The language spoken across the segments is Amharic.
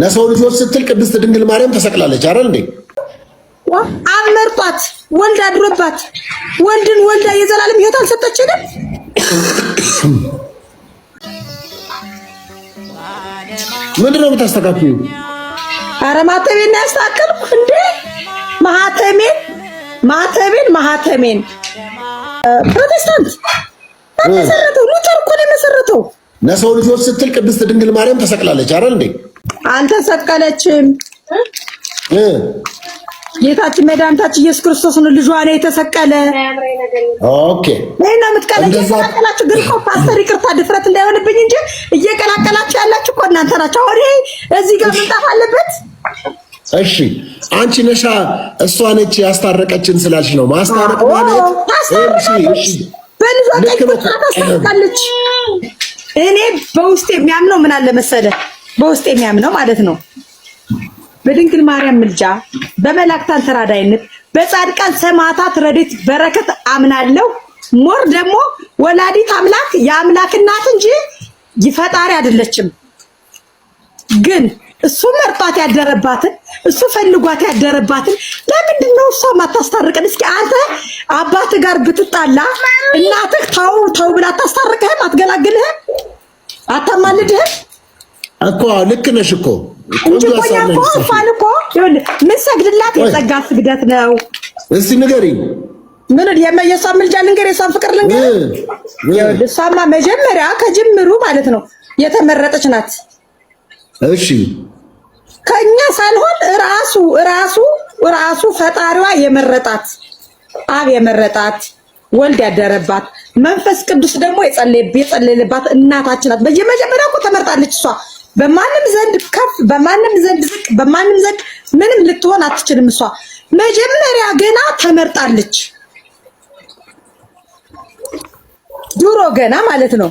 ለሰው ልጆች ስትል ቅድስት ድንግል ማርያም ተሰቅላለች አይደል እንዴ? አብ ወልድ አድሮባት ወልድን ወልዳ የዘላለም ሕይወት አልሰጠችንም። ምንድን ነው የምታስተካክሉ? አረ ማተቤን ነው ያስተካከልኩ እንዴ? ማተሜን ማተሜን ማተሜን ፕሮቴስታንት መሰረተው ሉተር እኮ ነው የመሰረተው። ለሰው ልጆች ስትል ቅድስት ድንግል ማርያም ተሰቅላለች አይደል እንዴ? አልተሰቀለችም። ጌታችን መድኃኒታችን ኢየሱስ ክርስቶስ ነው ልጇ ነው የተሰቀለ። ኦኬ ይሄን ነው የምትቀለኝ። እየቀላቀላችሁ ግን እኮ ፓስተር፣ ይቅርታ ድፍረት እንዳይሆንብኝ እንጂ እየቀላቀላችሁ ያላችሁ እኮ እናንተ ናችሁ። አሁን ይሄ እዚህ ጋር መምጣት አለበት። እሺ አንቺ ነሻ እሷ ነች ያስታረቀችን ስላልሽ ነው ማስታረቅ ማለት እሺ፣ እሺ በልጇ ቀይ ቁጥራ ታስታርቃለች። እኔ በውስጤ የሚያምነው ምን አለ መሰለህ በውስጥ የሚያምነው ማለት ነው። በድንግል ማርያም ምልጃ፣ በመላእክታን ተራዳይነት፣ በጻድቃን ሰማዕታት ረድኤት በረከት አምናለሁ። ሞር ደግሞ ወላዲት አምላክ የአምላክ እናት እንጂ ፈጣሪ አይደለችም። ግን እሱ መርጧት ያደረባትን እሱ ፈልጓት ያደረባትን ለምንድን ነው እሷ ማታስታርቅን? እስኪ አንተ ጋር ብትጣላ እናትህ ተው ተው ብላ አታስታርቅህም? አትገላግልህም? አታማልድህም? እኮ ልክ ነሽ እኮ እንጂ እኮ ያንተ እንኳን እኮ ምን ሰግድላት የጸጋ ስግደት ነው። እስቲ ንገሪኝ፣ ምን የእሷን ምልጃ ልንገር፣ የእሷን ፍቅር ልንገር። እሷማ መጀመሪያ ከጅምሩ ማለት ነው የተመረጠች ናት። እሺ ከእኛ ሳልሆን ራሱ ራሱ ራሱ ፈጣሪዋ የመረጣት አብ የመረጣት ወልድ ያደረባት መንፈስ ቅዱስ ደግሞ የጸለየባት እናታችን ናት። በየመጀመሪያ እኮ ተመርጣለች እሷ በማንም ዘንድ ከፍ፣ በማንም ዘንድ ዝቅ፣ በማንም ዘንድ ምንም ልትሆን አትችልም። እሷ መጀመሪያ ገና ተመርጣለች። ድሮ ገና ማለት ነው።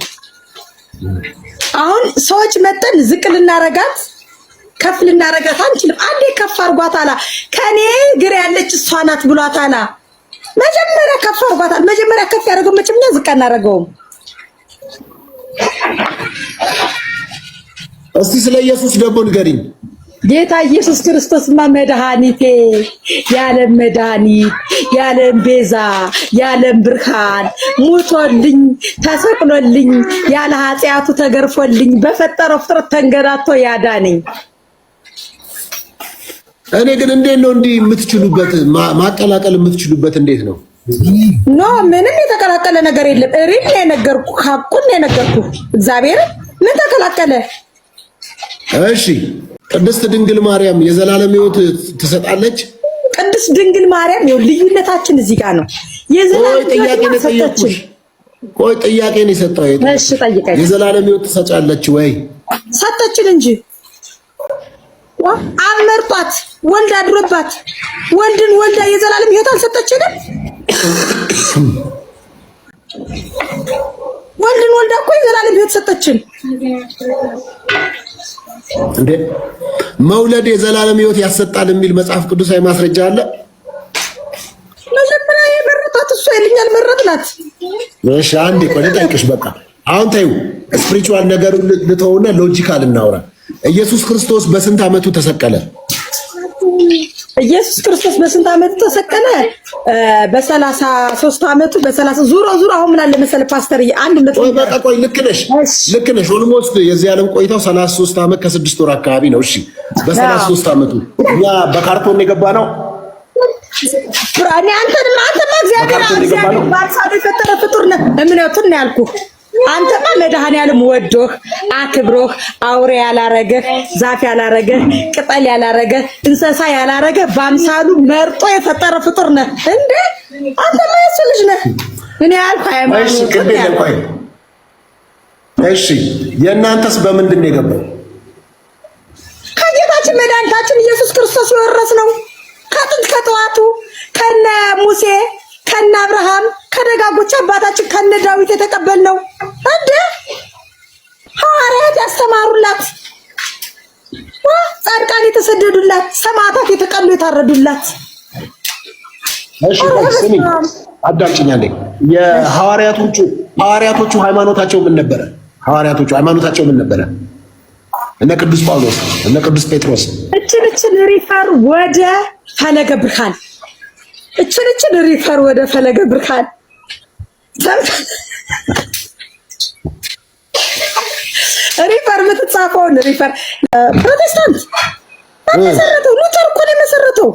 አሁን ሰዎች መጠን ዝቅ ልናረጋት ከፍ ልናረጋት አንችልም። አንዴ ከፍ አርጓታላ። ከኔ ግር ያለች እሷ ናት ብሏታላ። መጀመሪያ ከፍ አርጓታል። መጀመሪያ ከፍ ያደረገው መቼም ዝቅ አናረገውም። እስቲ ስለ ኢየሱስ ደግሞ ንገሪኝ። ጌታ ኢየሱስ ክርስቶስማ መድኃኒቴ፣ የዓለም መድኃኒት፣ የዓለም ቤዛ፣ የዓለም ብርሃን ሙቶልኝ፣ ተሰቅሎልኝ፣ ያለ ኃጢአቱ ተገርፎልኝ፣ በፈጠረው ፍጥረት ተንገዳቶ ያዳነኝ። እኔ ግን እንዴት ነው እንዲህ የምትችሉበት ማቀላቀል የምትችሉበት እንዴት ነው? ኖ ምንም የተቀላቀለ ነገር የለም። እሪል ነገርኩ የነገርኩህ፣ ሀቁን እግዚአብሔር ምን ተቀላቀለ? እሺ ቅድስት ድንግል ማርያም የዘላለም ሕይወት ትሰጣለች። ቅድስት ድንግል ማርያም ይኸው ልዩነታችን እዚህ ጋር ነው። የዘላለም ሕይወት ትሰጣለች። ቆይ ጥያቄን የሰጠው። እሺ ጠይቀኝ። የዘላለም ሕይወት ትሰጫለች ወይ? ሰጠችን እንጂ አመርጧት ወልድ አድሮባት ወልድን ወልዳ የዘላለም ሕይወት አልሰጠችንም። ወልድን ወልዳ እኮ የዘላለም ህይወት ሰጠችን እንዴ! መውለድ የዘላለም ህይወት ያሰጣል የሚል መጽሐፍ ቅዱሳዊ ማስረጃ አለ? መጀመሪያ የመረጣት እሷ ይልኛል መረጥናት። እሺ አንዴ ቆይ ልጠይቅሽ። በቃ አሁን ታዩ ስፕሪቹዋል ነገሩ ልተውና ሎጂካል እናውራ። ኢየሱስ ክርስቶስ በስንት ዓመቱ ተሰቀለ? ኢየሱስ ክርስቶስ በስንት ዓመቱ ተሰቀለ? በሰላሳ አመቱ ዓመቱ በሰላሳ ዙሮ ዙሮ አሁን ምን አለ መሰለ ፓስተር አንድ ሁለት ቆይ ልክ ነሽ ልክ ነሽ። ኦልሞስት የዚህ ዓለም ቆይታው ሰላሳ ሦስት ዓመት ከስድስት ወር አካባቢ ነው። እሺ በሰላሳ ሦስት ዓመቱ እኛ በካርቶን የገባ ነው። እኔ አንተ አንተማ እግዚአብሔር እግዚአብሔር ባርሳዶ የፈጠረ ፍጡር ነህ እምነቱን ነው ያልኩህ አንተማ መድኃኒዓለም ወዶህ አክብሮህ አውሬ ያላረገህ ዛፍ ያላረገህ ቅጠል ያላረገህ እንስሳ ያላረገህ በአምሳሉ መርጦ የፈጠረ ፍጡር ነህ እንዴ! አንተማ የሱ ልጅ ነህ። እኔ ያልኩህ ሃይማኖት እሺ፣ የእናንተስ በምንድን ነው የገባው? ከጌታችን መድኃኒታችን ኢየሱስ ክርስቶስ የወረስ ነው ከጥንት ከጠዋቱ ከነ ሙሴ ከነ አብርሃም ተረጋጎች አባታችን ከነ ዳዊት የተቀበልነው እንደ ሐዋርያት ያስተማሩላት ጻድቃን የተሰደዱላት ሰማዕታት የተቀሉ የታረዱላት። እሺ አዳምጪኝ። የሐዋርያቶቹ ሐዋርያቶቹ ሃይማኖታቸው ምን ነበረ? ሐዋርያቶቹ ሃይማኖታቸው ምን ነበረ? እነ ቅዱስ ጳውሎስ እነ ቅዱስ ጴጥሮስ እችን እችን ሪፈር ወደ ፈለገ ብርሃን እችን እችን ሪፈር ወደ ፈለገ ብርሃን ሪፈር የምትጻፈውን ሪፈር ፕሮቴስታንት መሰረተው ሉተር እኮ ነው የመሰረተው።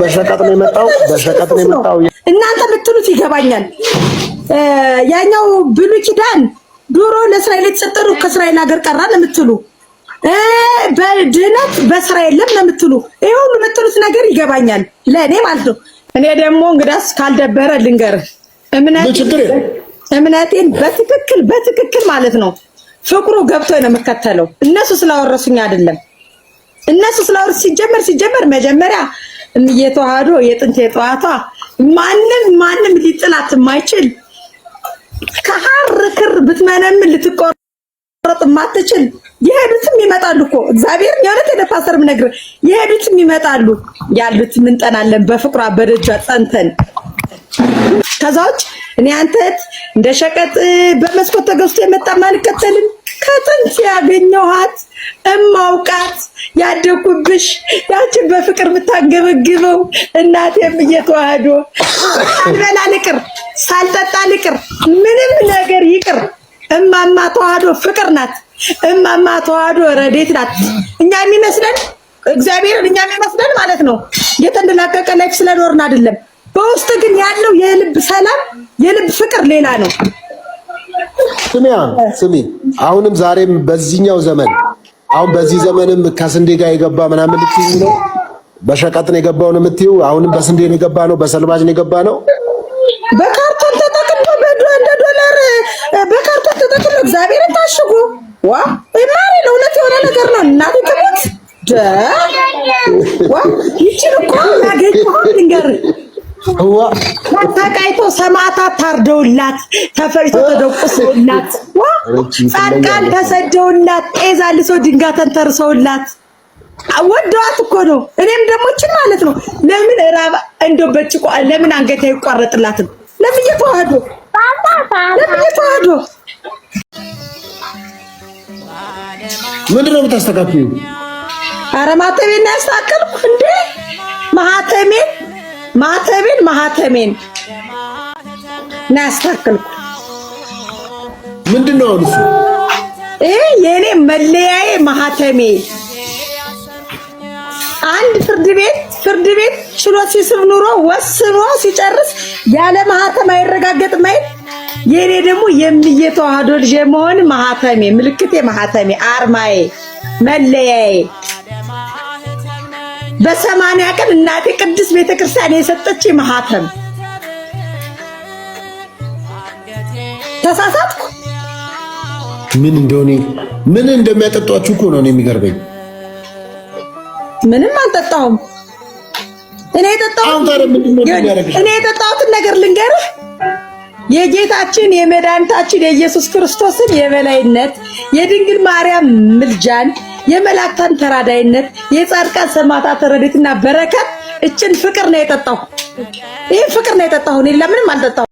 በሸቀጥ ነው የመጣው፣ በሸቀጥ ነው የመጣው። እናንተ የምትሉት ይገባኛል። ያኛው ብሉይ ኪዳን ዱሮ ለእስራኤል የተሰጠሩ ከእስራኤል ሀገር ቀራ ለምትሉ በድህነት በስራ የለም ለምትሉ ይህ ሁሉ የምትሉት ነገር ይገባኛል፣ ለእኔ ማለት ነው። እኔ ደግሞ እንግዳስ ካልደበረ ልንገርህ እምነቴን በትክክል በትክክል ማለት ነው ፍቅሩ ገብቶ ነው የምከተለው። እነሱ ስላወረሱኝ አይደለም። እነሱ ስላወረሱ ሲጀመር ሲጀመር መጀመሪያ እየተዋህዶ የጥንት የጠዋቷ ማንም ማንም ሊጥላት የማይችል ከሀር ክር ብትመነም ልትቆረጥ የማትችል የሄዱትም ይመጣሉ እኮ እግዚአብሔር የእውነት የደፋሰርም ነግር የሄዱትም ይመጣሉ ያሉት ምንጠናለን በፍቅሯ በደጇ ጸንተን ከዛ ውጭ እኔ አንተት እንደ ሸቀጥ በመስኮት ተገዝቶ የመጣም አልከተልም። ከጥንት ያገኘኋት እማውቃት ያደኩብሽ ያችን በፍቅር የምታገበግበው እናቴም እየተዋህዶ ሳልበላ ልቅር፣ ሳልጠጣ ልቅር፣ ምንም ነገር ይቅር። እማማ ተዋህዶ ፍቅር ናት። እማማ ተዋህዶ ረዴት ናት። እኛ የሚመስለን እግዚአብሔርን እኛ የሚመስለን ማለት ነው የተንደላቀቀ ላይፍ ስለኖርን አይደለም። በውስጥ ግን ያለው የልብ ሰላም የልብ ፍቅር ሌላ ነው። ስሚያ ስሚ፣ አሁንም ዛሬም በዚህኛው ዘመን አሁን በዚህ ዘመንም ከስንዴ ጋር የገባ ምናምን ልትይኝ ነው፣ በሸቀጥ ነው የገባው ነው የምትይው። አሁንም በስንዴ ነው የገባ ነው፣ በሰልባጅ ነው የገባ ነው፣ በካርቶን በዶ እንደ ዶላር በካርቶን ተጠቅሞ እግዚአብሔር ታሽጉ ዋ ነው ለእውነት የሆነ ነገር ነው እናቴ ትሞት ዋ ይችን እኮ ያገኘ ሆን ልንገርህ ተሰቃይቶ ሰማዕታት ታርደውላት ተፈጭቶ ተደቁሰውላት ጻድቃን ተሰደውላት ጤዛ ልሶ ድንጋተን ተርሰውላት ወደዋት እኮ ነው። እኔም ደሞችን ማለት ነው። ለምን ራባ እንደ በጭቆ ለምን አንገት አይቋረጥላትም? ለምን እየተዋህዶ ለምን እየተዋህዶ ምንድን ነው የምታስተካክሉ? ኧረ ማተቤን ያስተካከልኩ እንዴ ማህተሜን ማተቤን ማህተሜን ነው ያስተካከልኩ። ምንድን ነው እሱ? ይሄ የእኔ መለያዬ ማህተሜ። አንድ ፍርድ ቤት ፍርድ ቤት ችሎት ሲስብ ኑሮ ወስኖ ሲጨርስ ያለ ማህተም አይረጋገጥ አይደል? የእኔ ደግሞ የምዬ ተዋህዶ ልጅ የመሆን ማህተሜ፣ ምልክቴ፣ ማህተሜ፣ አርማዬ፣ መለያዬ በሰማንያ ቀን እናቴ ቅድስት ቤተክርስቲያን የሰጠች ማህተም ተሳሳትኩ። ምን እንደሆነ ምን እንደሚያጠጧችሁ እኮ ነው የሚገርበኝ። ምንም አልጠጣሁም። እኔ የጠጣሁትን ነገር ልንገርህ። የጌታችን የመድኃኒታችን የኢየሱስ ክርስቶስን የበላይነት የድንግል ማርያም ምልጃን የመላእክታን ተራዳይነት የጻድቃን ሰማዕታት ረድኤትና በረከት እችን ፍቅር ነው የጠጣሁ። ይህ ፍቅር ነው የጠጣሁ። እኔ ለምንም አልጠጣሁ።